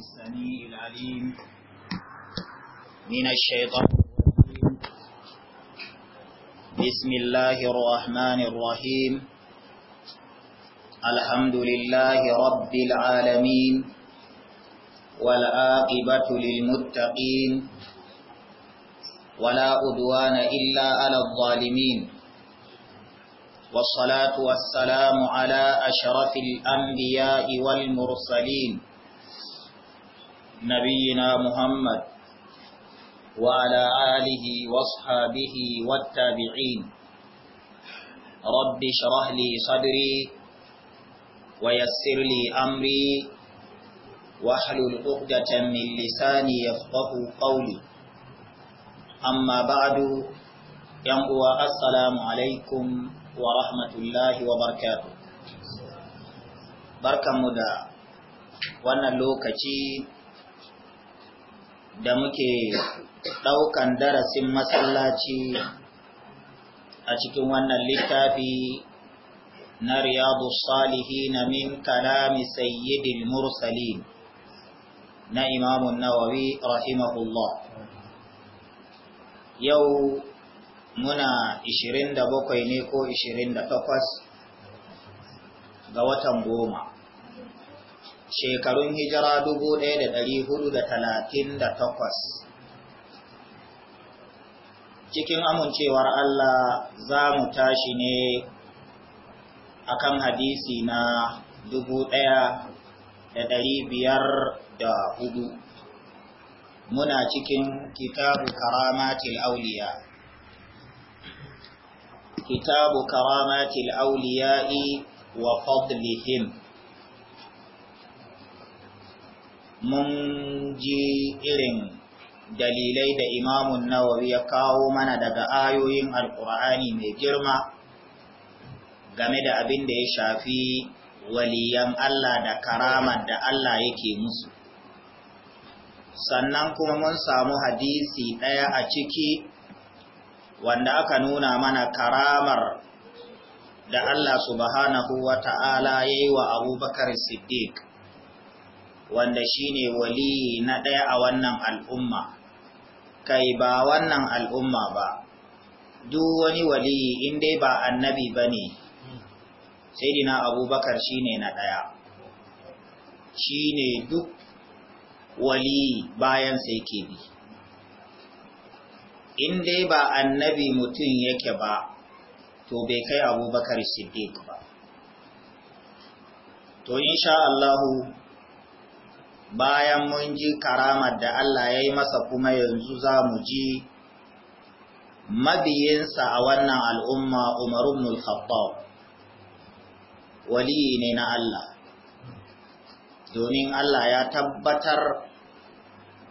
السميع العليم من الشيطان الرجيم بسم الله الرحمن الرحيم الحمد لله رب العالمين والعاقبة للمتقين ولا أدوان إلا على الظالمين والصلاة والسلام على أشرف الأنبياء والمرسلين نبينا محمد وعلى آله واصحابه والتابعين رب شرح لي صدري ويسر لي أمري واحلل عقدة من لساني يفقه قولي أما بعد ينقوى السلام عليكم ورحمة الله وبركاته barkanmu da wannan lokaci da muke ɗaukan darasin masallaci a cikin wannan littafi na riyadu salihi na min kalami sayyidil mursalin na imamun nawawi rahimahullah yau muna 27 ne ko 28 ga watan goma shekarun hijira dubu ɗaya da da da ɗari talatin hudu takwas. cikin amincewar Allah za mu tashi ne akan hadisi na dubu ɗaya da ɗari biyar da hudu muna cikin kitabu karamatil auliya kitabu karamatil auliya'i wa fadlihim mun ji irin dalilai da imamun nawawi ya kawo mana daga ayoyin alkur'ani mai girma game da abin da ya shafi waliyan Allah da karamar da Allah yake musu sannan kuma mun samu hadisi ɗaya a ciki wanda aka nuna mana karamar da Allah subhanahu wa ta'ala ya yi wa abubakar siddiq wanda shine wali na ɗaya a wannan al'umma kai ba wannan al'umma ba duk wani wali in dai ba annabi ba ne sai dina abubakar shine na ɗaya shine duk wali bayan sai ke bi in dai ba annabi mutum yake ba to bai kai abubakar siddiq ba to insha Allahu bayan mun ji karamar da Allah ya yi masa kuma yanzu za mu ji mabiyinsa a wannan al'umma umarun mulkhattab waliyi ne na Allah domin Allah ya tabbatar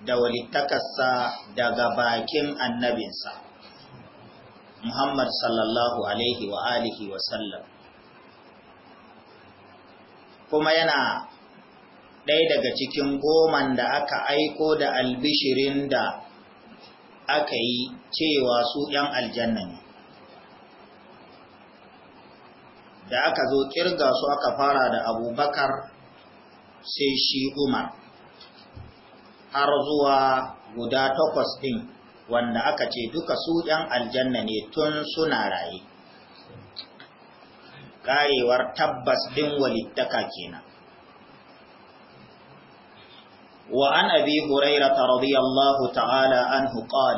da walittakarsa daga bakin annabinsa Muhammad sallallahu alaihi wa alihi wa sallam kuma yana ɗaya daga cikin goman da aka aiko da albishirin da aka yi cewa su ‘yan aljanna ne. Da aka zo ƙirga su aka fara da abubakar sai shi Umar, har zuwa guda takwas ɗin wanda aka ce duka su ‘yan aljanna ne tun suna raye. Ƙarewar tabbas ɗin walittaka kenan. وعن أبي هريرة رضي الله تعالى عنه قال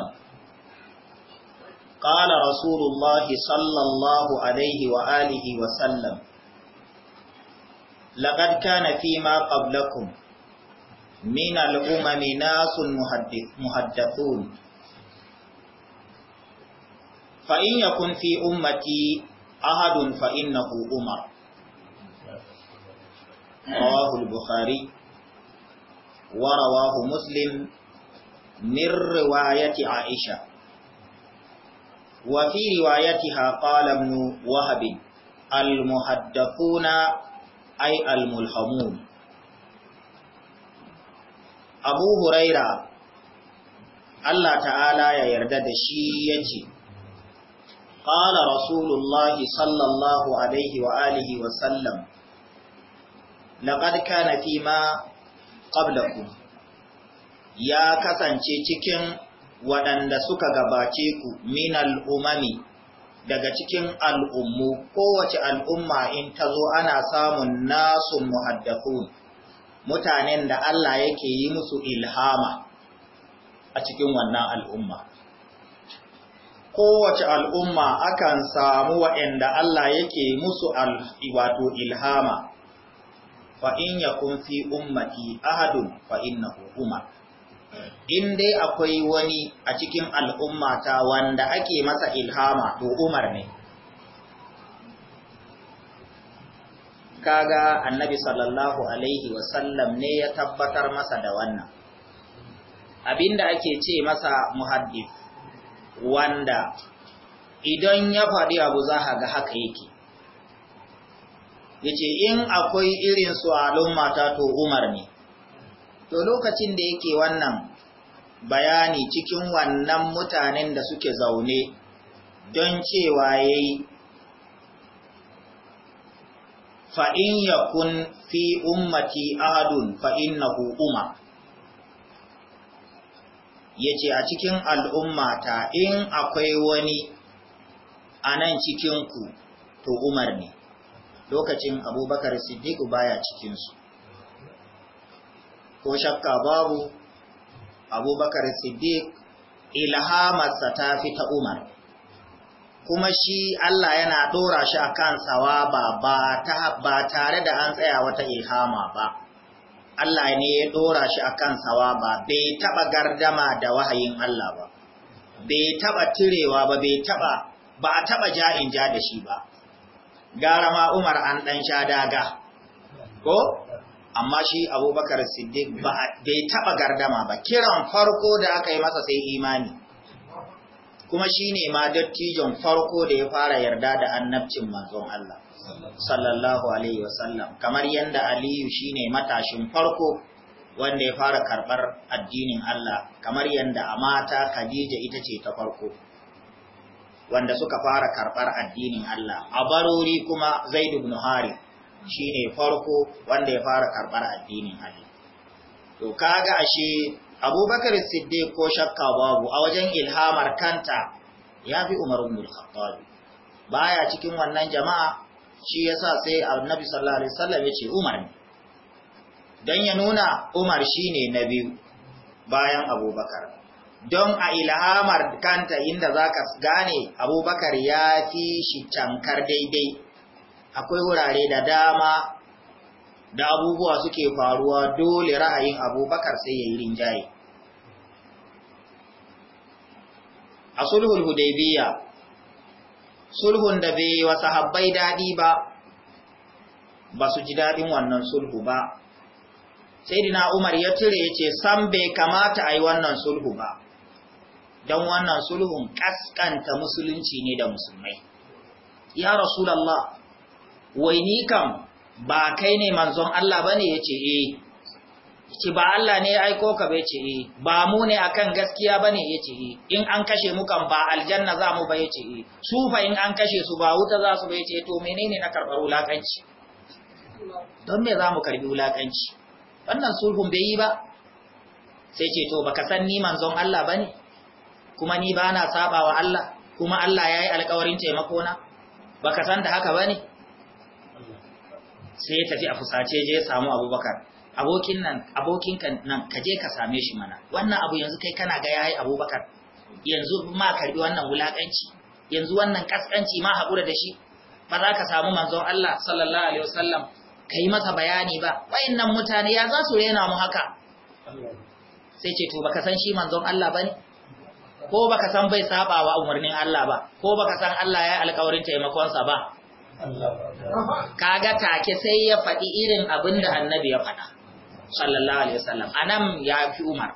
قال رسول الله صلى الله عليه وآله وسلم لقد كان فيما قبلكم من الأمم ناس محدثون فإن يكن في أمتي أحد فإنه أمر رواه البخاري ورواه مسلم من رواية عائشة وفي روايتها قال ابن وهب المحدثون أي الملحمون أبو هريرة الله تعالى يردد شيئتي قال رسول الله صلى الله عليه وآله وسلم لقد كان فيما qablakum ya kasance cikin waɗanda suka gabace ku min al'umami daga cikin al'ummu kowace al'umma in ta zo ana samun nasu muhaddafun mutanen da Allah yake yi musu ilhama a cikin wannan al'umma. Kowace al'umma akan samu waɗanda Allah yake musu wato ilhama fa in fi ummati ahadun fa innahu hukuma. in dai akwai wani a cikin al'ummata wanda ake masa ilhama to umar ne kaga annabi sallallahu alaihi wasallam ne ya tabbatar masa da wannan abinda ake ce masa muhaddis wanda idan ya faɗi abu za ga haka yake yace in akwai irin su al'umma ta to Umar ne to lokacin da yake wannan bayani cikin wannan mutanen da suke zaune don cewa yayi fa in yakun fi ummati ahadun fa innahu umar yace a cikin al'ummata in akwai wani a nan cikinku to umar ne lokacin abubakar siddiqu baya cikinsu ko shakka babu abubakar siddiq ilhamarsa ta fi ta umar kuma shi Allah yana ɗora shi a kan sawaba ba tare da an tsaya wata ilhama ba. Allah ne ya ɗora shi a kan sawaba bai taɓa gardama da wahayin Allah ba, bai taɓa turewa ba, bai taɓa, ba a taɓa ja'in ja da shi ba. gara ma Umar an ɗan sha daga, ko? Amma shi abubakar Siddiq bai taɓa gardama ba, kiran farko da aka yi masa sai imani, kuma shine ma dattijon farko da ya fara yarda da annabcin manzon Allah, sallallahu Alaihi wasallam, kamar yadda Aliyu shine matashin farko wanda ya fara karɓar addinin Allah, kamar yadda a mata Khadija ita ce ta farko. wanda suka fara karɓar addinin Allah a barori kuma Zaid ibn Harith shine farko wanda ya fara karɓar addinin Allah to kaga ashe Abubakar Siddiq ko shakka babu a wajen ilhamar kanta yafi Umar ibn al-Khattab baya cikin wannan jama'a shi yasa sai Annabi sallallahu alaihi wasallam ya ce Umar ne dan ya nuna Umar shine na biyu bayan Abubakar don a ilhamar kanta inda za ka gane abubakar ya fi shi cankar daidai akwai wurare da dama da abubuwa suke faruwa dole ra'ayin abubakar sai ya yi rinjaye a sulhun hudaybiya sulhun da bai wa habbai daɗi ba ba su ji daɗin wannan sulhu ba sai umar ya cire ya ce san bai kamata a yi wannan sulhu ba don wannan sulhun kaskanta musulunci ne da musulmai. Ya Rasulallah, wai ni kam ba kai ne manzon Allah ba ne ya ce e, ba Allah ne ya aiko ka bai ce e, ba mu ne akan gaskiya ba ne ya ce e, in an kashe mu kan ba aljanna za mu ba ya ce e, su fa in an kashe su ba wuta za su ba ya ce to menene na karɓar wulaƙanci? Don me za mu karɓi wulaƙanci? Wannan sulhun bai yi ba, sai ce to baka san ni manzon Allah ba ne? kuma ni ba na saba wa Allah kuma Allah ya yi alkawarin taimako na ba ka san da haka ba ne sai ya tafi a fusace je ya samu abubakar abokin nan abokin nan ka je ka same shi mana wannan abu yanzu kai kana ga yayi abubakar yanzu ma karbi wannan wulakanci yanzu wannan kaskanci ma haƙura da shi ba za ka samu manzon Allah sallallahu alaihi wasallam kai masa bayani ba nan mutane ya za su rena mu haka sai ce to baka san shi manzon Allah bane ko baka san bai saba wa umarnin Allah ba ko baka san Allah ya alƙawarin taimakonsa ba kaga take sai ya faɗi irin abin da annabi ya faɗa sallallahu alaihi wasallam anan ya fi Umar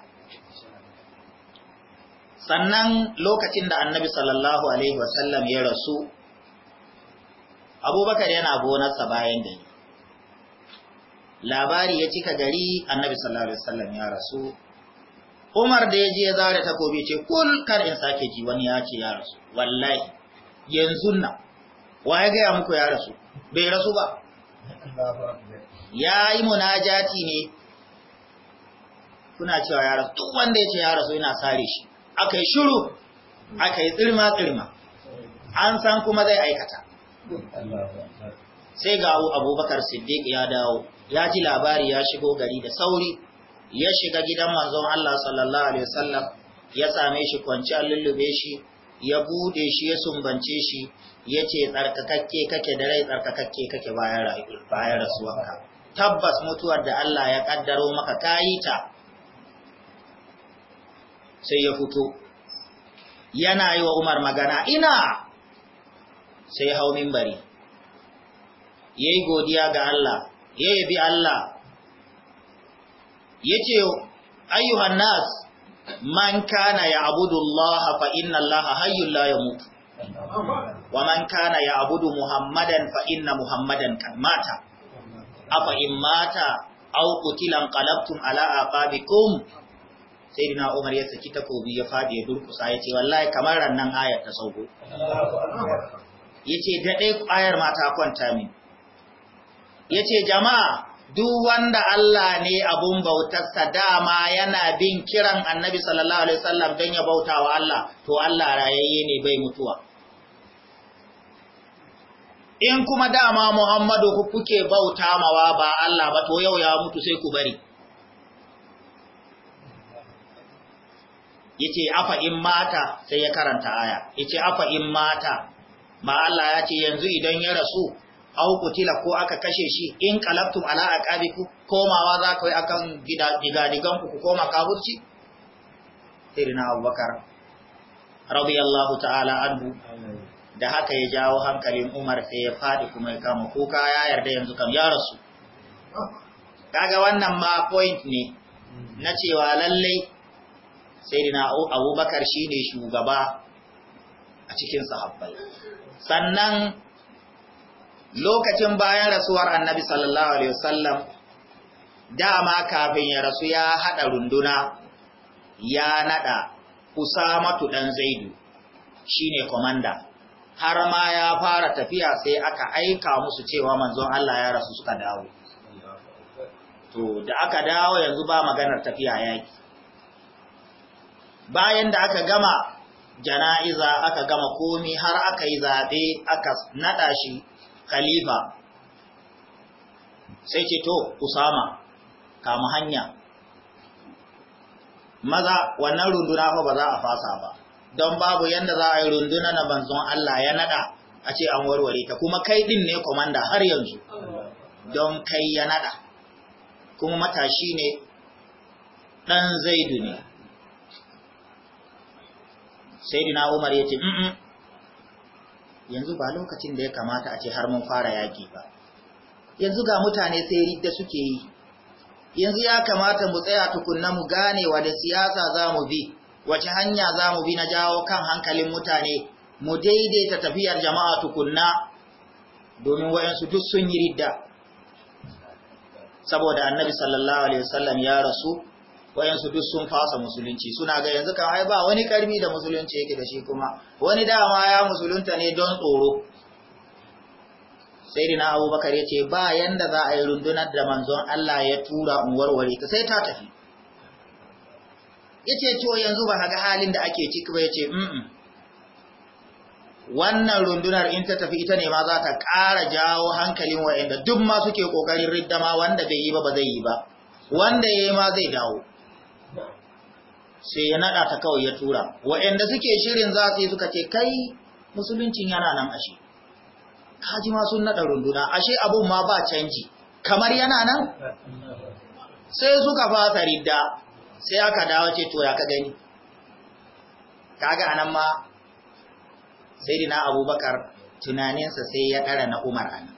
sannan lokacin da annabi sallallahu alaihi wasallam ya rasu abubakar yana gonarsa bayan gari labari ya cika gari annabi sallallahu alaihi wasallam ya rasu Umar da ya je ya zare takobi ce kul kar in sake ji wani ya ce ya rasu wallahi yanzu nan wa ya gaya muku ya rasu bai rasu ba ya yi munajati ne kuna cewa ya rasu duk wanda ya ce ya rasu yana sare shi aka yi shiru aka yi tsirma tsirma an san kuma zai aikata sai ga abubakar siddiq ya dawo ya ji labari ya shigo gari da sauri ya shiga gidan manzon Allah sallallahu alaihi wasallam ya same shi kwanci a lullube shi ya bude shi ya sumbance shi ya ce tsarkakakke kake da rai tsarkakakke kake bayan rasuwarka tabbas mutuwar da Allah ya ƙaddaro maka kayi ta sai ya fito yana yi wa Umar magana ina sai hau mimbari yayi godiya ga Allah yayi bi Allah yace ayyuhan nas man kana ya'budu Allah fa inna Allah hayyul la yamut wa man kana ya'budu Muhammadan fa inna Muhammadan mata afa in mata aw qutilan qalabtum ala aqabikum sayyidina Umar ya saki takobi ya fadi ya durkusa yace wallahi kamar rannan ayar ta sauko yace da dai ayar mata kwanta min yace jama'a duk wanda Allah ne abun bautarsa dama yana bin kiran annabi sallallahu alaihi wasallam don ya bauta wa Allah to Allah rayayye ne bai mutuwa in kuma dama Muhammadu ku kuke bauta mawa ba Allah ba to yau ya mutu sai ku bari yace afa in mata sai ya karanta aya yace afa in mata ma Allah ya ce yanzu idan ya rasu aw kutila ko aka kashe shi in qalabtum ala aqabiku komawa za ku yi akan digan ku koma kaburci sirina abubakar radiyallahu ta'ala anhu da haka ya jawo hankalin umar sai ya fadi kuma ya kama kuka ya yarda yanzu kam ya rasu kaga wannan ma point ne na cewa lallai sayyidina abubakar shine shugaba a cikin sahabbai sannan lokacin bayan rasuwar annabi sallallahu alaihi wasallam dama kafin ya rasu ya hada runduna ya nada usamatu dan zaidu shine komanda har ma ya fara tafiya sai aka aika musu cewa manzon Allah ya rasu suka dawo to da aka dawo yanzu ba maganar tafiya yaki bayan da aka gama jana'iza aka gama komi har aka yi zabe aka nada shi khalifa sai ce to usama kama hanya maza wannan runduna fa ba za a fasa ba don babu yadda za a yi runduna na banzon Allah ya nada a ce an warware ta kuma kai din ne komanda har yanzu don kai ya nada kuma matashi ne dan zaidu ne sai dina umar ya ce yanzu ba lokacin da ya kamata a ce har mun fara yaƙi ba yanzu ga mutane sai ridda suke yi yanzu ya kamata mu tsaya tukunna mu gane wa da siyasa za mu bi wace hanya za mu bi na jawo kan hankalin mutane mu daidaita tafiyar jama'a tukunna domin wayansu duk sun yi ridda saboda annabi sallallahu alaihi wasallam ya rasu wayansu duk sun fasa musulunci suna ga yanzu kan ai ba wani karmi da musulunci yake da shi kuma wani dama ya musulunta ne don tsoro sai na abubakar ya ce ba yanda za a yi rundunar da manzon Allah ya tura unwarware ta sai ta tafi ya ce to yanzu ba ga halin da ake ciki ba ya ce wannan rundunar in ta tafi ita ne ma za ta ƙara jawo hankalin wa'anda duk ma suke ƙoƙarin riddama wanda bai yi ba ba zai yi ba wanda ya yi ma zai dawo sai ya naɗa ta kawai ya tura waɗanda suke shirin za su yi suka ce kai musuluncin yana nan ashe kaji ma sun naɗa runduna ashe abun ma ba canji kamar yana nan sai suka fasa ridda sai aka dawo ce to ya ka gani kaga anan ma dina abubakar tunaninsa sai ya ɗara na umar anan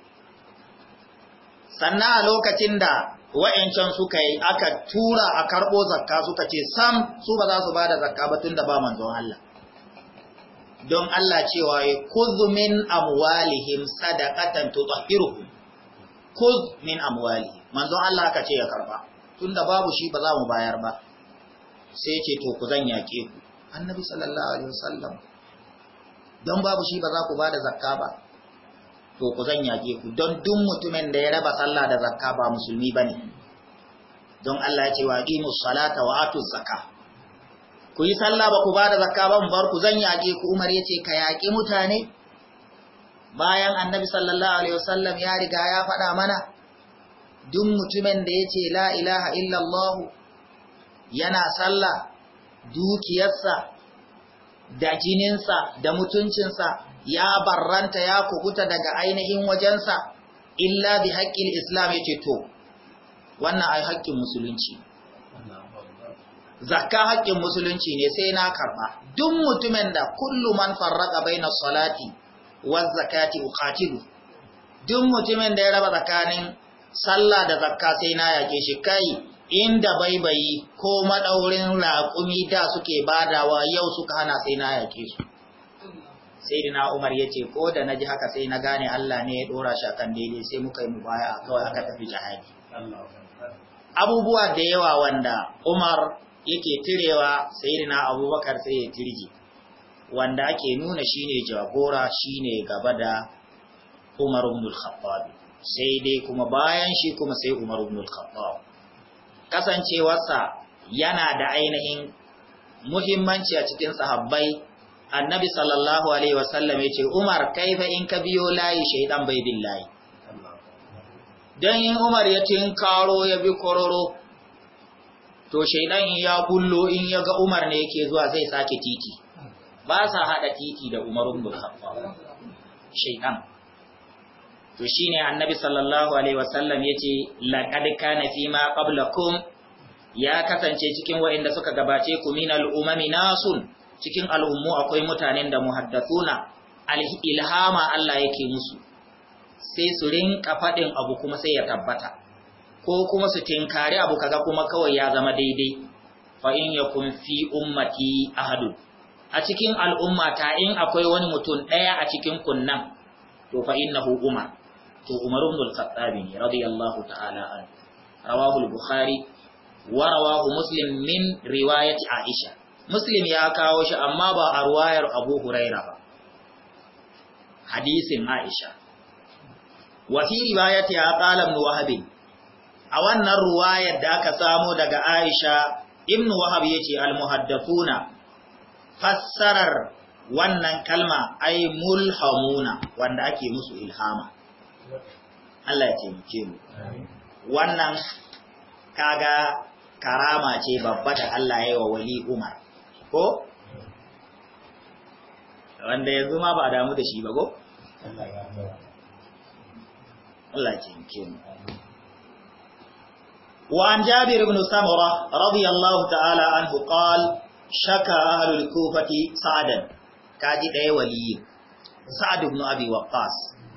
sannan a lokacin da wa'yancan suka yi aka tura a karɓo zakka suka ce sam su ba za su ba da zakka ba tun da ba manzon Allah don Allah cewa ya kuzu min amwalihim sadaqatan tutahhiruhum kuz min amwali manzon Allah aka ce ya karba tunda babu shi ba za mu bayar ba sai ya ce to ku zan yake ku annabi sallallahu alaihi wasallam don babu shi ba za ku bada zakka ba to ku zan yage ku don duk mutumin da ya raba sallah da zakka ba musulmi bane don Allah ya ce wa aqimus salata wa atuz zakka ku yi sallah ba ku ba da zakka ba mu bar ku zan yage ku Umar yace ka yaki mutane bayan annabi sallallahu alaihi wasallam ya riga ya faɗa mana duk mutumin da yace la ilaha illallah yana sallah dukiyarsa da jininsa da mutuncinsa ya barranta ya kubuta daga ainihin wajensa illa bi haƙƙin islam ya ce to wannan ai haƙƙin musulunci zakka haƙƙin musulunci ne sai na karɓa duk mutumin da kullu man farraqa bainas salati waz zakati uqatilu duk mutumin da ya raba tsakanin sallah da zakka sai na yake shi kai inda baibayi ko madaurin raƙumi da suke badawa yau suka hana sai na yake su sai na Umar ya ce ko da na ji haka sai na gane Allah ne ya dora shi akan daidai sai muka yi mubaya kawai aka tafi jihadi abubuwa da yawa wanda Umar yake tirewa sai na Abubakar sai ya tirje wanda ake nuna shine jagora shine gaba da Umar ibn al sai dai kuma bayan shi kuma sai Umar ibn al kasancewarsa yana da ainihin muhimmanci a cikin sahabbai annabi sallallahu alaihi wasallam ya ce umar kaifa in ka biyo layi shaidan bai billahi layi don yin umar ya karo ya bi kororo to shaidan in ya bullo in ya ga umar ne yake zuwa zai sake titi ba sa haɗa titi da Umar ibn khattab shaidan to shine annabi sallallahu alaihi wasallam ya ce laƙad kana fi ma qablakum ya kasance cikin waɗanda suka gabace ku min al-umami nasun cikin al'ummu akwai mutanen da muhaddathuna ilhama Allah yake musu sai su rinka faɗin abu kuma sai ya tabbata ko kuma su tinkari abu kaga kuma kawai ya zama daidai fa in yakun fi ummati ahadu a cikin al'umma ta in akwai wani mutum ɗaya a cikin kunnan to fa innahu umar to umar ibn al-khattab ne radiyallahu ta'ala an rawahu al-bukhari wa rawahu muslim min riwayati aisha muslim ya kawo shi amma ba a ruwayar abu huraira ba hadisin aisha wafi riwayati ya qalam wahabi a wannan ruwayar da aka samo daga aisha ibnu wahab yace al muhaddathuna fassarar wannan kalma ai mulhamuna wanda ake musu ilhama Allah ya taimake mu wannan kaga karama ce babba da Allah ya yi wa wali Umar Ko? Wanda yanzu ma ba a damu da shi ba, ko? Allah ya yaudawa yanzu. Wa an jabi'ar Ibn Samarwa rabe'i ta'ala an buƙar shakar halittu ko faɗi tsadan. Ka ji ɗaya waliyyai. Sa'a dubi mu abin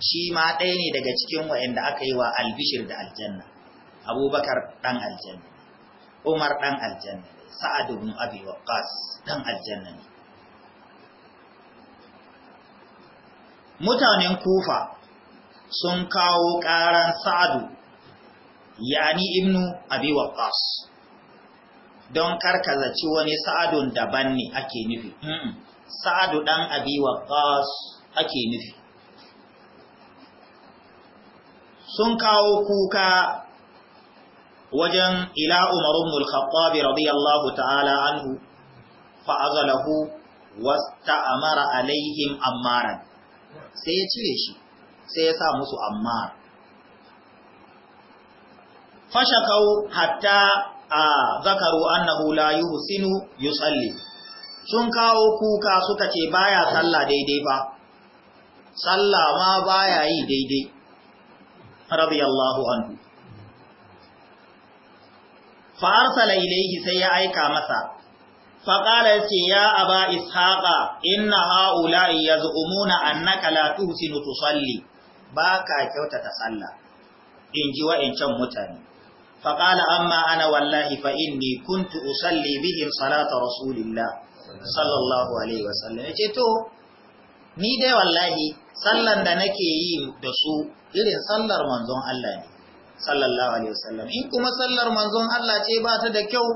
Shi ma ɗaya ne daga cikin wa'inda aka yi wa albishir da aljanna. Abubakar ɗan aljanna. Umar ɗan aljanna. sa'ad ibn abi waqqas dan aljanna ne mutanen kufa sun kawo ƙaran sa'adu yani ibnu abi waqqas don karkazaci wani sa'adun daban ne ake nufi hmm. sa'adu dan abi waqqas ake nufi sun kawo kuka wajen ila Umar ibn al-Khattab radiyallahu ta'ala anhu fa azalahu wasta'amara alaihim ammaran sai ya cire shi sai ya sa musu ammar fashakau hatta a zakaru annahu la yuhsinu yusalli sun kawo kuka suka ce baya sallah daidai ba sallah ma baya yi daidai radiyallahu anhu farsala ilaihi sai ya aika masa faƙala ce ya aba ishaƙa, inna ha'ula'i yaz'umuna annaka la tuhsinu tusalli ba ka kyautata sallah in ji wa'incan mutane faƙala amma ana wallahi ne kun kuntu usalli bihin salata rasulillah sallallahu alaihi wasallam ce to ni dai wallahi sallan da nake yi da su irin sallar manzon Allah ne sallallahu alaihi wasallam in kuma sallar manzon Allah ce ba ta da kyau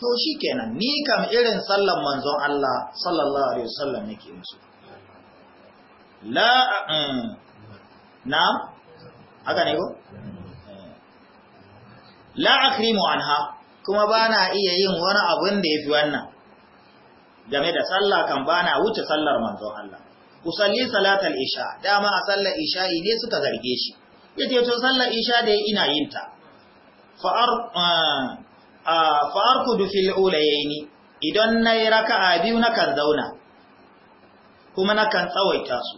to shikenan ni kam irin sallar manzon Allah sallallahu alaihi wasallam nake musu la mm, na haka ne ko la akrimu anha kuma bana iya yin wani abin da yafi wannan game da sallah kan bana wuce sallar manzon Allah usalli salatal isha dama a sallar isha'i ne suka zarge shi yace to sallar isha da ina yin ta fa'ar ah, ah, fa'ar kudu fil ulayaini idan nayi raka'a biyu kan zauna kuma kan tsawaita su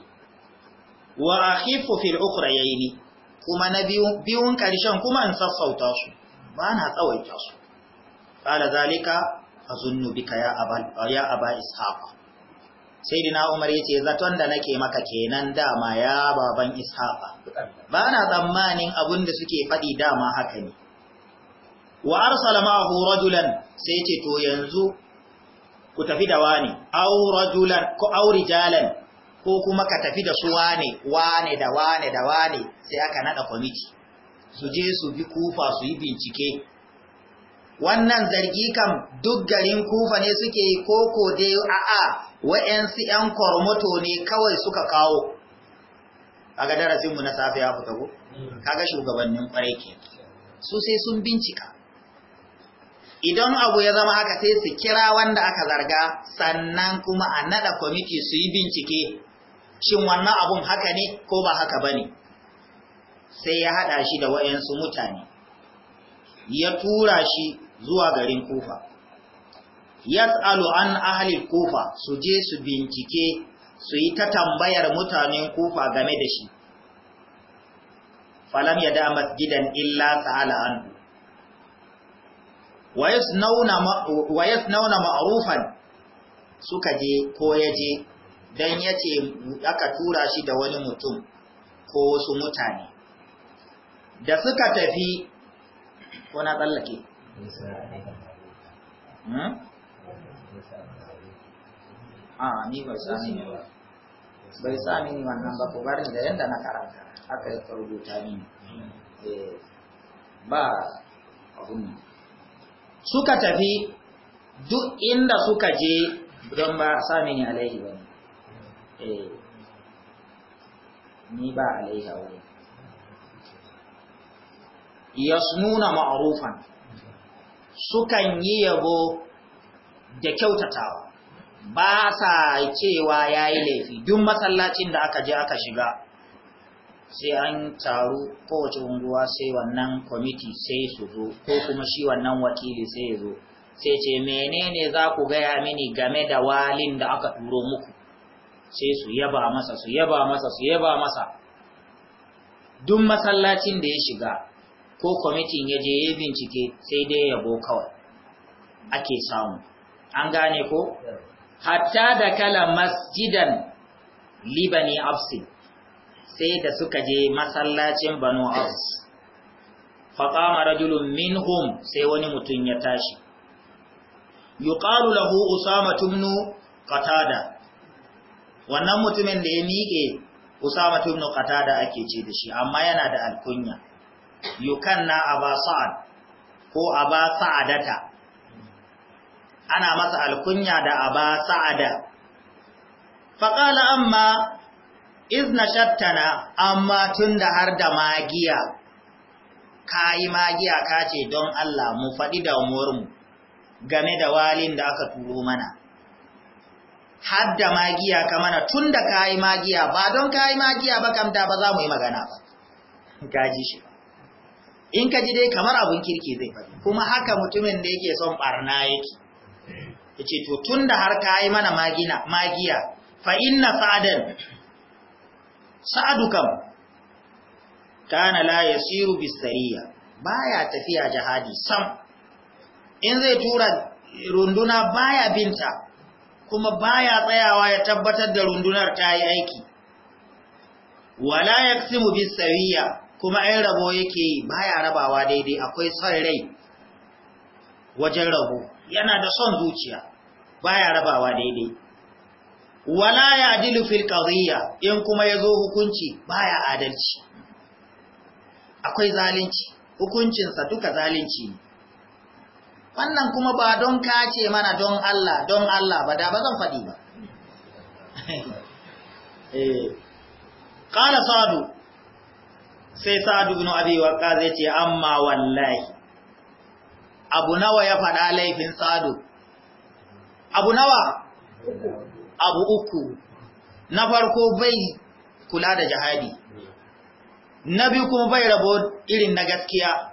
wa akhifu fil ukhrayaini kuma na biyun ƙarshen kuma in sassauta su ba na tsawaita su qala zalika azunnu bika ya aba ya aba ishaqa Sayyidina Umar yace zaton da nake maka kenan dama ya baban Ishaqa ba na tsammanin abin da suke faɗi dama haka ne wa arsala ma'ahu rajulan sai yace to yanzu ku tafi da wani aw rajulan ko aw rijalan ko kuma ka tafi da su wane wane da wane da wane sai aka nada kwamiti su je su bi kufa su yi bincike wannan zargi kan duk garin kufa ne suke yi koko dai a'a wa'yansu ‘yan kormoto ne kawai suka kawo a ga darasinmu na safe ya fita ko kaga shugabannin kwarai su sai sun bincika idan abu ya zama haka sai su kira wanda aka zarga sannan kuma a nada kwamiti su yi bincike shin wannan abun haka ne ko ba haka ba ne sai ya haɗa shi da wa'yansu mutane ya tura shi zuwa garin kufa yas'alu an ahli kufa su je su bincike su yi ta tambayar mutanen kufa game da shi falam ya da masjidan illa ta'ala an wa yasnauna ma'arufan suka je ko ya je dan yace aka tura shi da wani mutum ko wasu mutane da suka tafi ko na tsallake hmm? a ni bai sami ne ba bai sami ni wannan ba ku bari da yadda na karanta aka yi rubuta ni eh, ba abun suka tafi duk inda suka je don ba sami ni alaihi ba ne eh, ni ba alaihi a wurin yasnuna ma'rufan sukan yi yabo da kyautatawa ba sa cewa yayi laifi duk masallacin da aka je aka shiga sai an taru kowace unguwa sai wannan kwamiti sai su zo ko kuma shi wannan wakili sai ya zo sai ce menene za ku gaya mini game da walin da aka turo muku sai su yaba masa su yaba masa su yaba masa duk masallacin da ya shiga ko kwamitin ya je ya bincike sai dai yabo kawai ake samu an gane ko hatta da kala masjidan libani absin sai da suka je masallacin banu abs faƙama rajulun minhum sai wani mutum ya tashi yuqalu lahu usama tumnu qatada wannan mutumin da ya miƙe usama tumnu qatada ake ce da shi amma yana da alkunya yukanna aba sa'ad ko aba sa'adata ana masa alkunya da aba sa'ada faƙala amma izna shattana amma tun da har da magiya ka yi magiya ka ce don Allah mu faɗi damuwarmu game da walin da aka turo mana har da magiya ka mana tun da ka yi magiya ba don ka yi magiya ba kam da ba za mu yi magana ba gaji shi ba in ka ji dai kamar abin kirki zai faɗi kuma haka mutumin da yake son barna yake yace to tunda har ka yi mana magina magiya fa inna sa'adan sa'adu kana la yasiru bisariya baya tafiya jihadi sam in zai tura runduna baya binta kuma baya tsayawa ya tabbatar da rundunar ta yi aiki wala yaqsimu bisawiya kuma ɗan rabo yake yi baya rabawa daidai akwai son rai wajen rabo yana da son zuciya baya rabawa daidai wala ya adilu fil qadhiya in kuma yazo hukunci baya adalci akwai zalunci hukuncinsa duka zalunci ne wannan kuma ba don kace mana don Allah don Allah ba da ba zan faɗi ba eh qala sadu sai sa'adu ibn abi waqqas ya ce amma wallahi abu nawa ya faɗa laifin sa'adu abu nawa abu uku na farko bai kula da jihadi nabi kuma bai rabo irin na gaskiya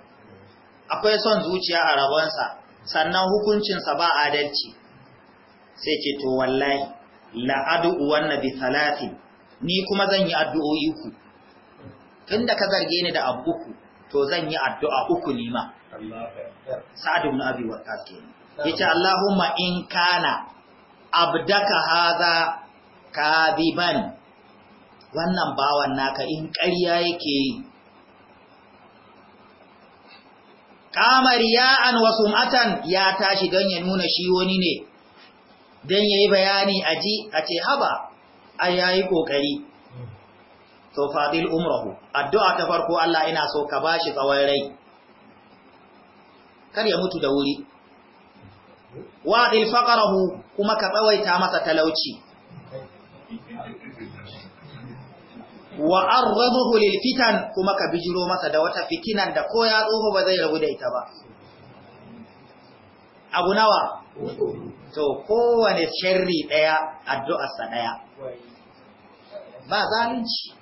akwai son zuciya a rabonsa sannan hukuncinsa ba adalci sai ce to wallahi la'adu wannan bi talatin ni kuma zan yi addu'o'i ku tunda ka zarge ni da abu uku to zan yi addu'a uku ne ma sa'ad ibn abi waqqas yace Allahumma in kana abdaka hadha kadiban wannan bawan naka in ƙarya yake yi kama an wasu matan ya tashi don ya nuna shi wani ne don yayi bayani aji a ce haba ayayi yayi kokari to fadil umrahu addu'a ta farko Allah ina so ka bashi tsawon rai kar ya mutu da wuri wadil faqarahu kuma ka tsawaita masa talauci wa arradhu lil fitan kuma ka bijiro masa da wata fitinan da ko ya tsoho ba zai rabu da ita ba abu nawa to kowane sharri daya addu'arsa daya ba zalunci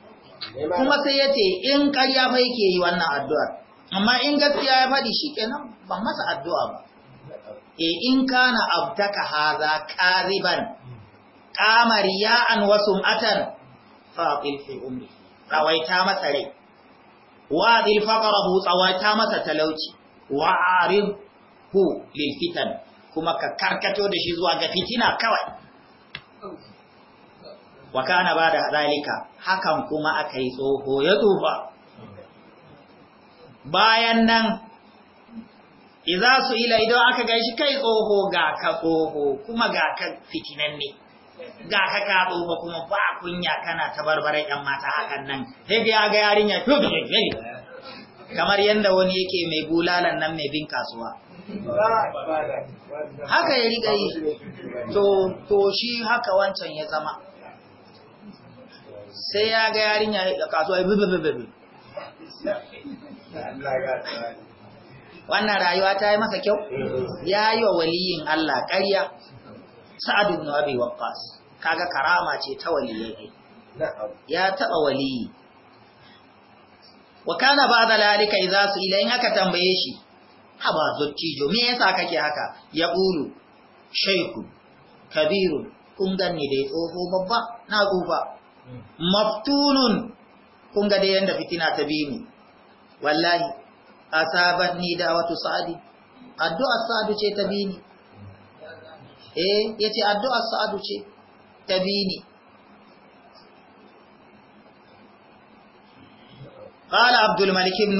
kuma sai ya ce in karya fa yake yi wannan addu'a amma in gaskiya ya faɗi shi kenan ba masa addu'a ba e in kana abdaka haza ƙariban ƙamar ya'an wasu matan faɗil fi umri tsawaita masa rai wa zil hu tsawaita masa talauci wa hu lil fitan kuma ka karkato da shi zuwa ga fitina kawai wa kana ba zalika hakan kuma aka yi tsoho ya tsufa bayan nan iza su ila idan aka gaishi kai tsoho ga ka tsoho kuma ga ka fitinan ne ga ka ka tsoho kuma ba kunya kana ta barbaran yan mata hakan nan sai da ya ga yarinya kamar yanda wani yake mai bulalan nan mai bin kasuwa haka ya riga yi to to shi haka wancan ya zama sai ya ga yarinya a kasuwa bibibibibi wannan rayuwa ta yi masa kyau ya yi wa waliyin Allah ƙarya sa'ad ibn abi waqqas kaga karama ce ta waliyyi ya taba waliyi wa kana da lalika idza su ila in aka tambaye shi haba zoccijo me yasa kake haka ya qulu shaiku kabiru kun da ya tsoho babba na tsufa maftunun kun ga yadda yanda fitina ta bi ni wallahi ni da da'watu sa'adi addu'ar sa'adu ce ta bi ni eh yace addu'ar sa'adu ce ta bi ni qala abdul malik ibn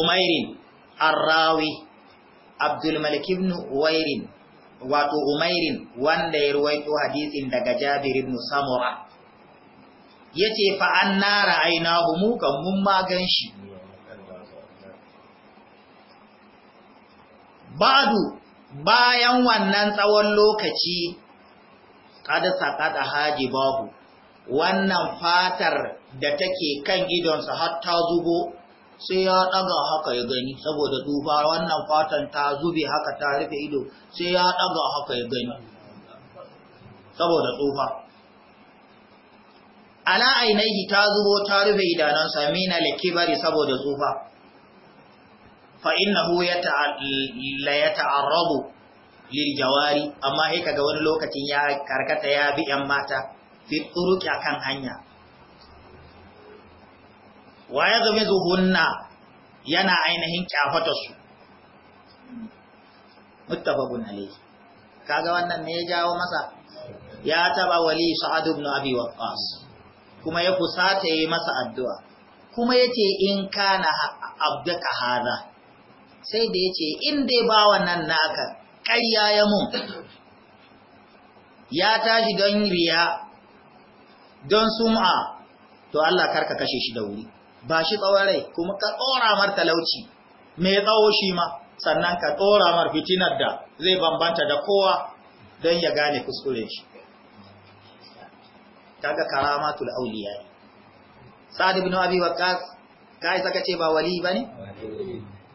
umair arrawi abdul malik ibn wato umairin wanda ya ruwaito hadisin daga jabir ibn samura yace fa anna aina mu kan mun ma shi badu bayan wannan tsawon lokaci kad Haji babu wannan fatar da take kan idonsa har ta zubo sai ya ɗaga haka ya gani saboda duba wannan fatan ta zube haka ta rufe ido sai ya ɗaga haka ya gani saboda tsufa ala ainihi ta zubo ta rufe idanansa mina likibari saboda tsufa fa innahu la yata'arrabu lil jawari amma sai ga wani lokacin ya karkata ya bi yan mata fi turuki akan hanya wa ya game zuhunna yana ainihin kyafatarsu muttafaqun alayhi kaga wannan ne ya jawo masa ya taba wali sa'ad ibn abi waqqas kuma ya kusata yi masa addu'a kuma yace in kana abdaka hada sai da yace in dai ba wannan naka kayya ya mun ya tashi don riya don sum'a to Allah karka kashe shi da wuri ba shi tsawon kuma ka tsora mar talauci mai tsawo shi ma sannan ka tsora mar fitinar da zai bambanta da kowa don ya gane kuskure shi kaga karamatul auliya sa'ad ibn abi waqqas kai saka ce ba wali bane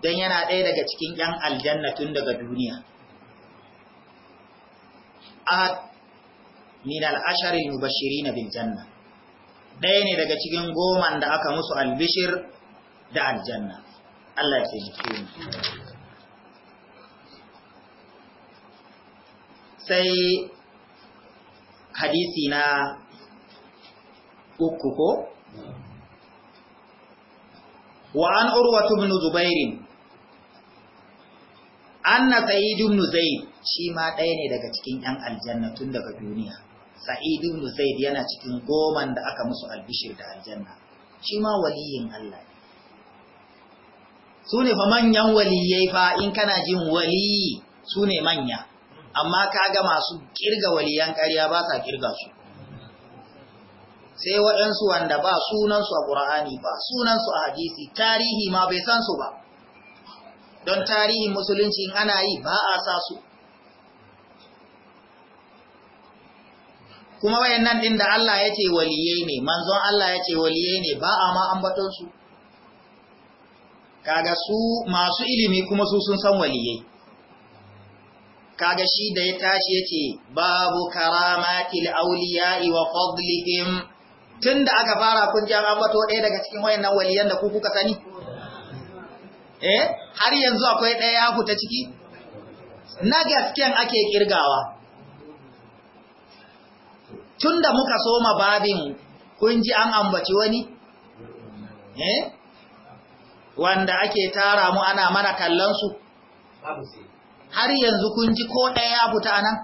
dan yana ɗaya daga cikin yan aljanna tun daga duniya ahad min al-ashari al-mubashirin bil janna ɗaya ne daga cikin goman da aka musu albishir da aljanna Allah ya taimake mu sai hadisi na uku ko wa an urwatu ibn zubair anna sa'id ibn zaid shi ma ɗaya ne daga cikin 'yan aljanna tun daga duniya sa'id ibn zaid yana cikin goman da aka musu albishir da aljanna shi ma waliyin Allah ne su ne fa manyan waliyai fa in kana jin waliyi su manya amma kaga masu kirga waliyan ƙarya ba sa kirga su sai waɗansu wanda ba sunansu a ƙura'ani ba sunansu a hadisi tarihi ma bai san su ba don tarihin musulunci in ana yi ba a sa su kuma wayannan din da Allah ya ce waliye ne manzon Allah ya ce waliye ne ba a ma ambaton kaga su masu ilimi kuma su sun san waliye. kaga shi da ya tashi ya ce babu karamatil auliya'i wa fadlihim tunda aka fara kun ji ambato ɗaya daga cikin wayannan waliyan da ku kuka sani eh har yanzu akwai ɗaya ya fita ciki na gasken ake kirgawa tunda muka soma babin kun ji an ambaci wani eh wanda ake tara mu ana mana kallon su har yanzu kun ji ko ɗaya fita nan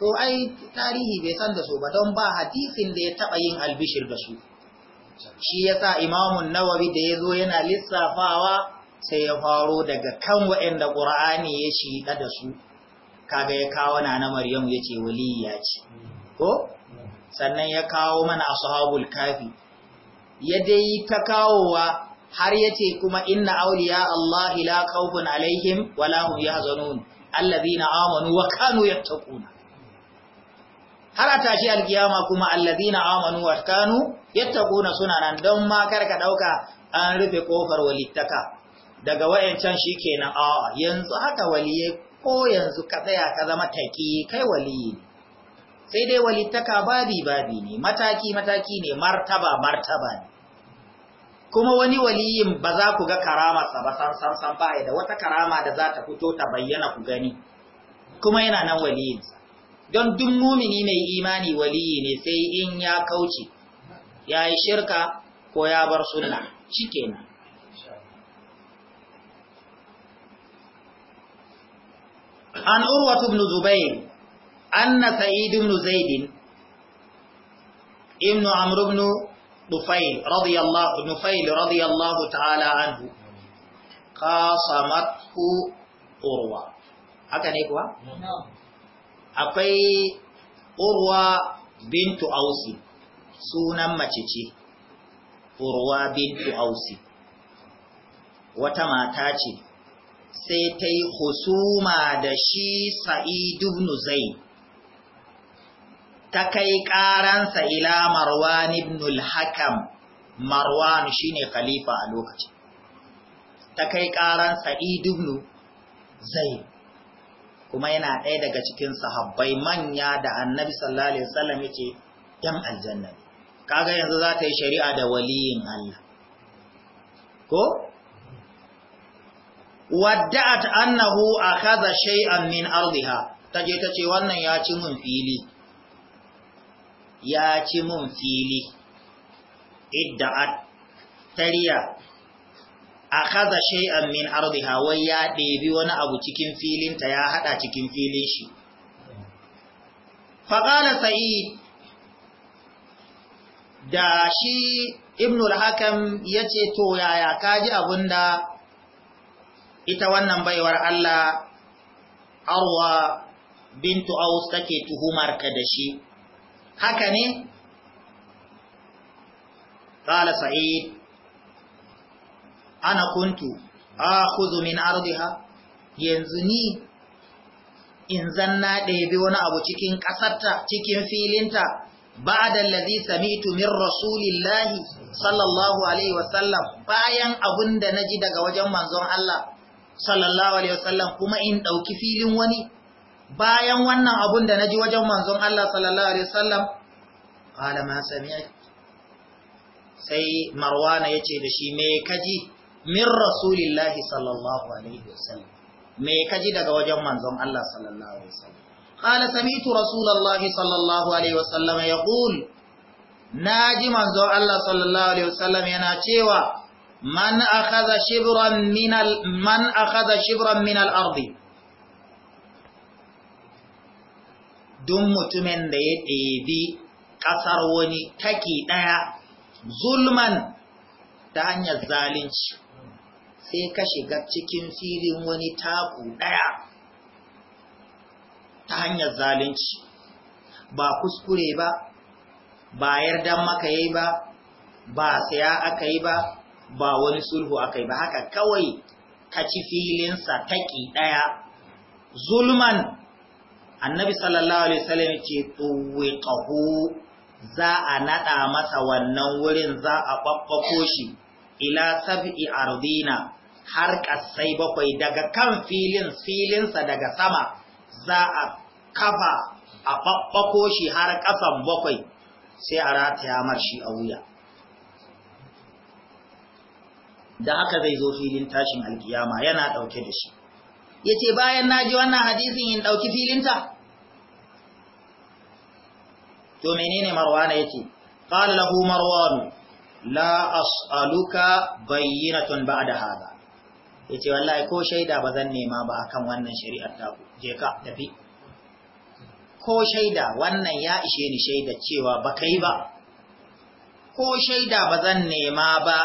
to ai tarihi bai san da su ba don ba hadisin da ya taɓa yin albishir da su shi yasa imamun nawawi da ya zo yana lissafawa sai ya faro daga kan waɗanda ƙur'ani ya shiɗa da su kaga ya kawo na na maryam ya ce waliyya ce ko sannan ya kawo mana ashabul kafi ya dai ta kawowa har yace kuma inna auliya Allah la khawfun alaihim wala hum yahzanun na amanu wa kanu yattaquna har a tashi alkiyama kuma na amanu wa kanu yattaquna suna nan don ma karka dauka an rufe kofar walittaka daga wayancan shikenan a yanzu haka waliye ko yanzu ka tsaya ka zama taki kai waliyi sai dai walittaka babi babi ne mataki mataki ne martaba martaba ne kuma wani waliyin ba za ku ga karamarsa ba san san san ba da wata karama da za ta fito ta bayyana ku gani kuma yana nan waliyinsa don duk mumini mai imani waliyi ne sai in ya kauce ya yi shirka ko ya bar sunna shikenan an urwatu ibn zubair anna sa'id ibn zaid ibn amr ibn nufail radiyallahu ta'ala anhu qasamathu urwa haka ne kuwa akwai urwa bintu ausi sunan mace ce urwa bintu ausi wata mata ce sai ta yi husuma da shi sa'id zaid ta kai ƙaransa ila marwan ibn al-hakam marwan shine khalifa a lokacin ta kai ƙaransa idubnu zai kuma yana ɗaya daga cikin sahabbai manya da annabi sallallahu alaihi wasallam yake yan aljanna kaga yanzu za ta yi shari'a da waliyin Allah ko wadda'at annahu akhadha shay'an min ardiha taje tace wannan ya ci mun fili ya ci mun fili idda'at tariya kaza shay'an min ardiha wai ya ɗebi wani abu cikin filinta ya hada cikin filin shi faqala sa'id da shi Ibnul al-hakam yace to yaya ka kaji abunda ita wannan baiwar Allah arwa bintu aus take tuhumar ka da shi haka ne qala sa'id ana kuntu akhudhu min ardiha yanzu ni in zanna ɗebi wani abu cikin ƙasarta cikin filinta ba da lalazi samitu min rasulillahi sallallahu alaihi wasallam bayan abun da na ji daga wajen manzon Allah sallallahu alaihi wasallam kuma in ɗauki filin wani bayan wannan abun da na ji wajen manzon Allah sallallahu alaihi wasallam qala ma sami'a sai marwana ya ce da shi me kaji min rasulillahi sallallahu alaihi wasallam me kaji daga wajen manzon Allah sallallahu alaihi wasallam qala sami'tu rasulullahi sallallahu alaihi wasallam yaqul naji manzon Allah sallallahu alaihi wasallam yana cewa man akhadha shibran min shibran min al ardi don mutumin da ya ɗebi ƙasar wani taki ɗaya zulman ta hanyar zalunci sai ka shiga cikin filin wani taku ɗaya ta hanyar zalunci ba kuskure ba ba yardan maka yi ba ba saya aka yi ba ba wani sulhu aka yi ba haka kawai ka ci filinsa taki ɗaya zulman annabi sallallahu alaihi wasallam ce tuwiqahu za a nada masa wannan wurin za a babbako shi ila sab'i ardina har kasai bakwai daga kan filin filinsa daga sama za a kafa a babbako shi har kasan bakwai sai a rataya mar shi a wuya da haka zai zo filin tashin alkiyama yana dauke da shi Yace bayan na ji wannan hadisin in ɗauki filinta to menene marwana ya ce ƙala lahu marwanu la as'aluka bayyinatun ba da haza ya wallahi ko shaida ba zan nema ba akan wannan shari'ar ta je ka tafi ko shaida wannan ya ishe ni shaida cewa ba kai ba ko shaida ba zan nema ba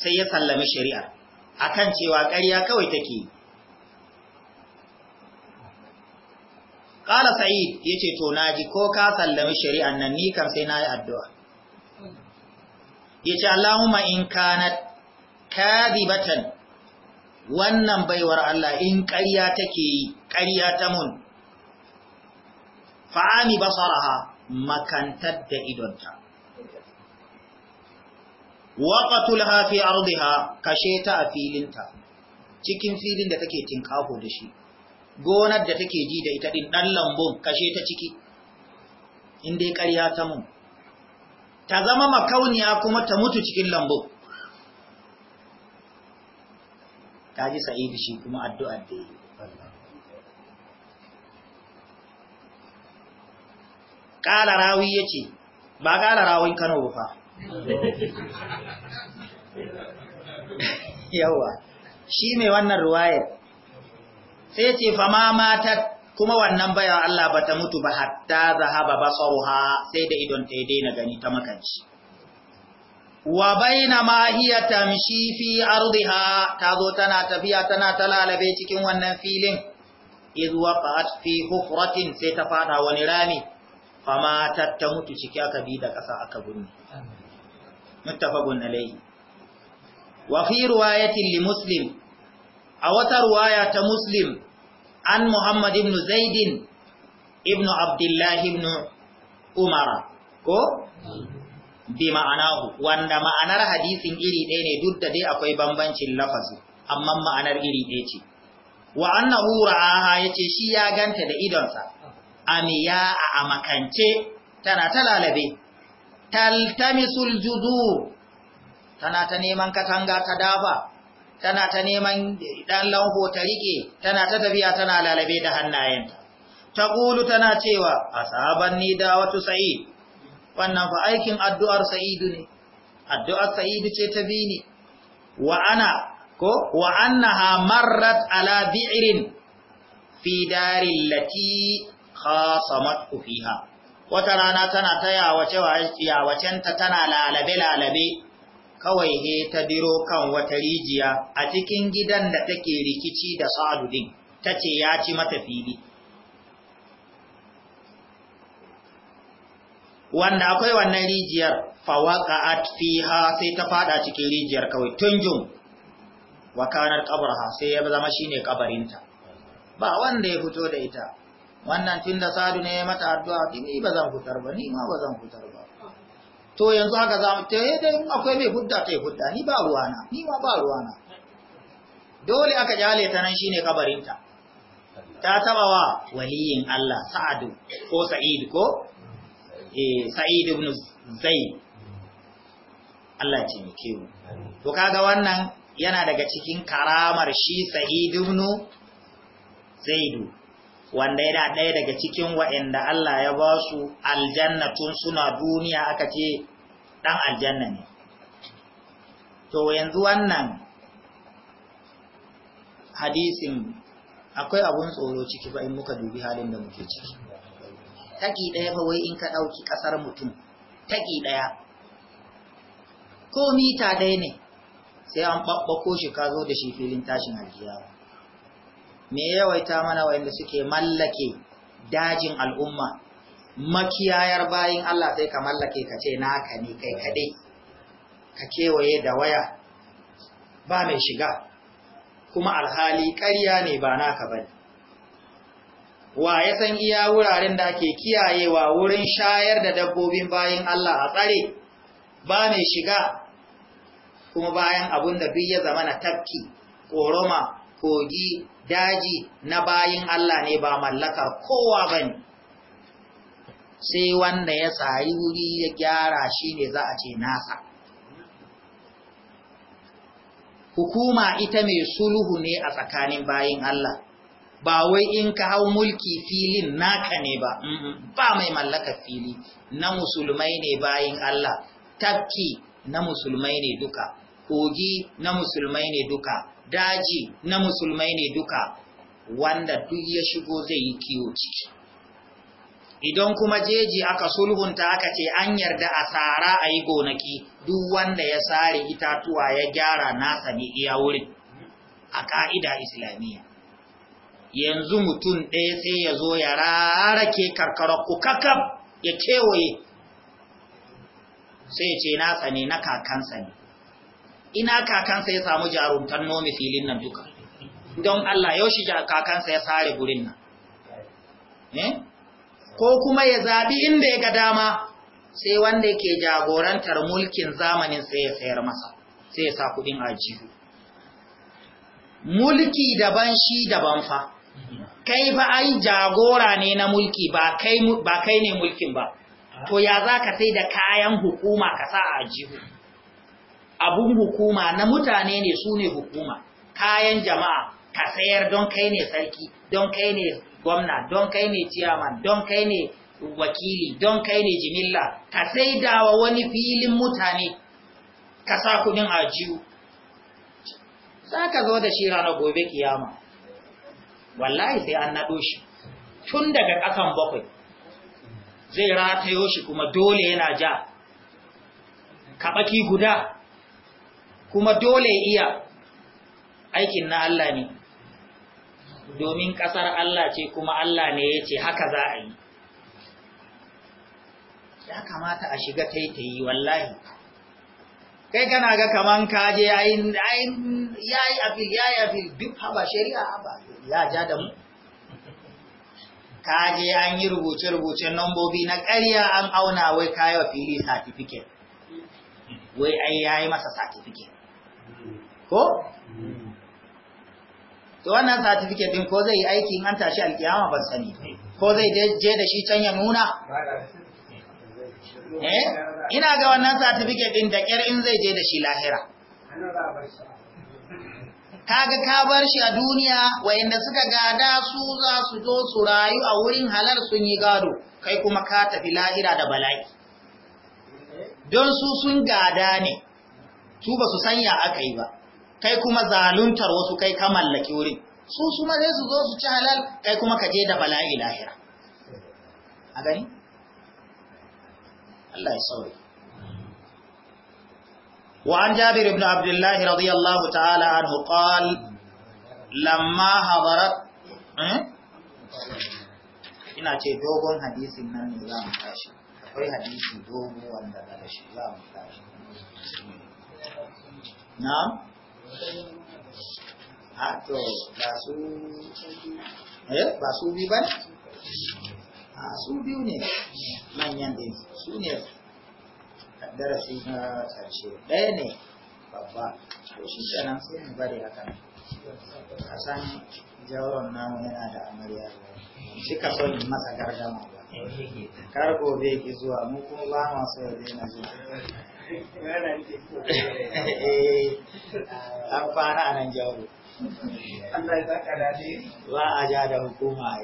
sai ya sallami shari'ar akan cewa ƙarya kawai take ƙala sa'id ya ce to ji ko ka sallami shari'an nan ni kam sai na yi addu'a ya ce allahumma in kanat kadibatan wannan baiwar Allah in ƙarya take yi ƙarya ta mun fa'ami basaraha makantar da idonta waqatulha fi ardiha kashe ta a filinta cikin filin da take tinkako da shi gonar da take ji da ita din dan lambun kashe ta ciki in dai ƙarya ta mun ta zama makauniya kuma ta mutu cikin lambun kaji sa'idu shi kuma addu'ar da yi ƙala rawi ya ce ba ƙala rawin kano ba yawa shi mai wannan ruwayar sai ce fama matat kuma wannan baya Allah ba ta mutu ba hatta zahaba ba sauha sai da idon ta yi daina gani ta makanci wa baina ma hiya tamshi fi ardiha tazo tana tafiya tana ta lalabe cikin wannan filin iz waqa'at fi hufratin sai ta fada wani rami fama ta mutu ciki aka bi da kasa aka bunne muttafaqun alayhi wa fi riwayatin li muslim a wata riwaya ta muslim an muhammad ibn zaid ibn abdullah ibn umara ko bi wanda ma'anar hadisin iri ɗaya ne duk da dai akwai bambancin lafazi amma ma'anar iri ɗaya ce wa annahu ra'aha yace shi ya ganta da idonsa amiya a makance tana ta lalabe taltamisul judur tana ta neman katanga ta dafa tana ta neman dan lanho ta rike tana ta tafiya tana lalabe da hannayenta taqulu tana cewa asaban ni dawatu sa'id wannan fa aikin addu'ar sa'id ne addu'ar sa'id ce ta bi ni wa ana ko wa annaha marrat ala bi'rin fi daril lati khasamat fiha wata rana tana ta yawacenta tana lalabe-lalabe kawai ne ta biro kan wata rijiya a cikin gidan da take rikici da sadudin ta ce ya ci mata fili wanda akwai wannan rijiyar fawaka fiha sai ta fada cikin rijiyar kawai tunjum wakanar kanar kabarha sai ya zama shine kabarinta ba wanda ya fito da ita wannan tun da sadu ne mata addu'a ni ba zan fitar ba ni ma ba zan fitar ba to yanzu haka za mu ta eh, dai akwai mai hudda ta yi hudda ni ba ruwana ni ma ba ruwana dole aka jale ta nan shine kabarinta ta taba wa waliyin Allah Sa'adu ko Sa'id ko eh Sa'id ibn Zaid Allah ce mu to kaga wannan yana daga cikin karamar shi Sa'id ibn Zaid wanda yana ɗaya daga cikin wa'inda Allah ya ba su aljanna tun suna duniya aka ce ɗan aljanna ne. To yanzu wannan hadisin akwai abun tsoro ciki ba in muka dubi halin da muke ciki. Taki ɗaya fa wai in ka ɗauki ƙasar mutum, taki ɗaya. Ko mita ɗaya ne, sai an ɓaɓɓako shi ka zo da shi filin tashin aljiyawa. me yawaita mana wanda suke mallake dajin al'umma makiyayar bayin Allah sai ka mallake ka ce naka ne kai kadai ka kewaye da waya ba mai shiga kuma alhali ƙarya ne ba naka bane wa ya san iya wuraren da ake kiyayewa wurin shayar da dabbobin bayin Allah a tsare ba mai shiga kuma bayan abun da duk ya zama na tafki koroma kogi daji na bayin Allah ne ba mallakar kowa ba sai wanda ya tsari wuri ya gyara shi ne za a ce nasa hukuma ita mai sulhu ne a tsakanin bayin Allah ba wai in ka hau mulki filin naka ne ba ba mai mallakar fili na musulmai ne bayin Allah tafki na musulmai ne duka kogi na musulmai ne duka daji na musulmai ne duka wanda duk ya shigo zai yi kiwo ciki idan kuma jeji aka sulhunta aka ce an yarda a tsara a yi gonaki duk wanda ya sare itatuwa ya gyara nasa ne iya wurin a ka'ida islamiyya yanzu mutum ɗaya sai ya zo ya rarake karkarar kukakam ya kewaye sai ce nasa ne na kakansa ne ina kakansa ya samu jaruntar nomi filin nan duka don Allah yaushe kakansa ya sare gurin nan eh? ko kuma ya zabi inda ya ga dama sai wanda yake jagorantar mulkin zamanin sai ya sayar masa sai ya sa kuɗin ajiyu mulki daban shi daban fa kai ba ai jagora ne na mulki ba kai ne mulkin ba to ya ka sai da kayan hukuma ka sa ajiyu abun hukuma na mutane ne su ne hukuma kayan jama'a ka sayar don kai ne sarki don kai ne gwamna don kai ne ciyaman don kai ne wakili don kai ne jimilla ka sai dawa wani filin mutane ka sa kudin ajiyu za ka zo da shi ranar gobe kiyama wallahi sai an naɗo shi tun daga ƙasan bakwai zai ratayo shi kuma dole yana ja kaɓaki guda kuma dole iya aikin na Allah ne domin ƙasar Allah ce kuma Allah ne ya ce haka za a yi ya kamata a shiga taitayi wallahi kai kana ga kaman kaje yayin yayi afil yayi afil duk haba shari'a haba ya ja da mu kaje an yi rubuce-rubuce nambobi na ƙarya an auna wai kayo fili certificate wai ai yayi masa certificate ko to wannan certificate din ko zai yi aiki an tashi alkiyama ban sani ko zai je da shi can ya nuna eh ina ga wannan certificate din da kyar in zai je da shi lahira ga ka bar shi a duniya wayanda suka gada su za su zo su rayu a wurin halar sun yi gado kai kuma ka tafi lahira da bala'i don su sun gada ne su ba su sanya aka yi ba kai kuma zaluntar wasu kai ka mallaki wurin su su ma zai su zo su ci halal kai kuma ka je da bala'i lahira a gani Allah ya sauri wa an jabir ibn abdullahi radiyallahu ta'ala anhu qal lamma hadarat eh? ina ce dogon hadisin nan ne za mu tashi akwai hadisi dogo wanda daga shi za mu tashi na'am a to ba su eh ba bi ba a su biyu ne manyan din su ne darasi na karshe ɗaya ne babba to shi kenan sai mu bari haka a san jawron namu yana da amarya cika son masa gargama ba kar gobe ki zuwa mu kuma ba ma so ya daina zuwa Eh, an fara a nan jawo ba a ja da hukuma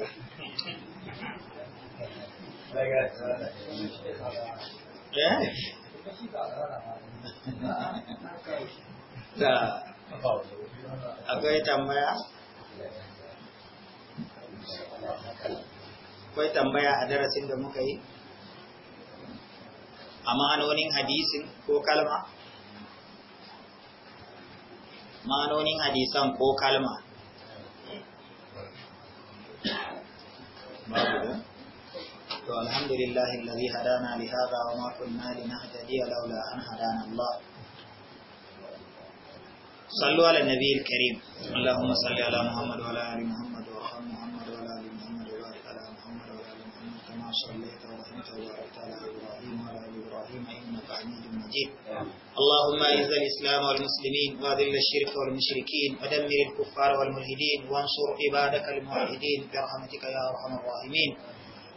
ya eh? akwai tambaya? akwai tambaya a darasin da muka yi? a ma'anonin hadisin ko kalma ma'anonin hadisan ko kalma babu to alhamdulillahi allazi hadana li hada wa ma kunna linahtadiya laula an hadana Allah sallu ala nabiyil karim allahumma salli ala muhammad wa ala ali muhammad wa ala كما صليت ورحمت وباركت على ابراهيم وعلى ال ابراهيم انك حميد مجيد اللهم اعز الاسلام والمسلمين واذل الشرك والمشركين ودمر الكفار والملحدين وانصر عبادك الموحدين برحمتك يا ارحم الراحمين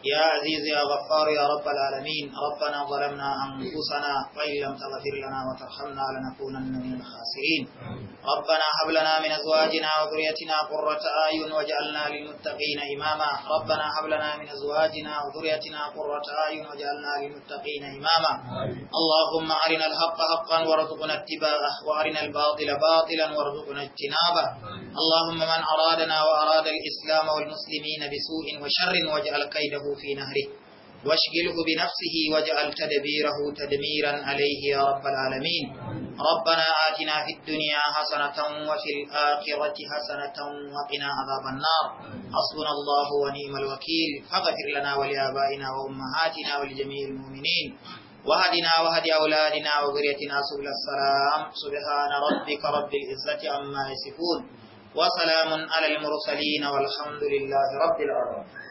يا عزيز يا غفار يا رب العالمين ربنا ظلمنا أنفسنا وإن لم تغفر لنا وترحمنا لنكونن من الخاسرين ربنا هب لنا من أزواجنا وذريتنا قرة أعين وجعلنا للمتقين إماما ربنا هب لنا من أزواجنا وذريتنا قرة أعين وجعلنا للمتقين إماما اللهم أرنا الحق حقا وارزقنا اتباعه وأرنا الباطل باطلا وارزقنا اجتنابه اللهم من أرادنا وأراد الإسلام والمسلمين بسوء وشر واجعل كيده في نهره واشغله بنفسه واجعل تدبيره تدميرا عليه يا رب العالمين ربنا آتنا في الدنيا حسنة وفي الآخرة حسنة وقنا عذاب النار حسبنا الله ونعم الوكيل فاغفر لنا ولآبائنا وأمهاتنا ولجميع المؤمنين وهدنا وهد أولادنا وذريتنا سبل السلام سبحان ربك رب العزة عما يصفون وسلام على المرسلين والحمد لله رب العالمين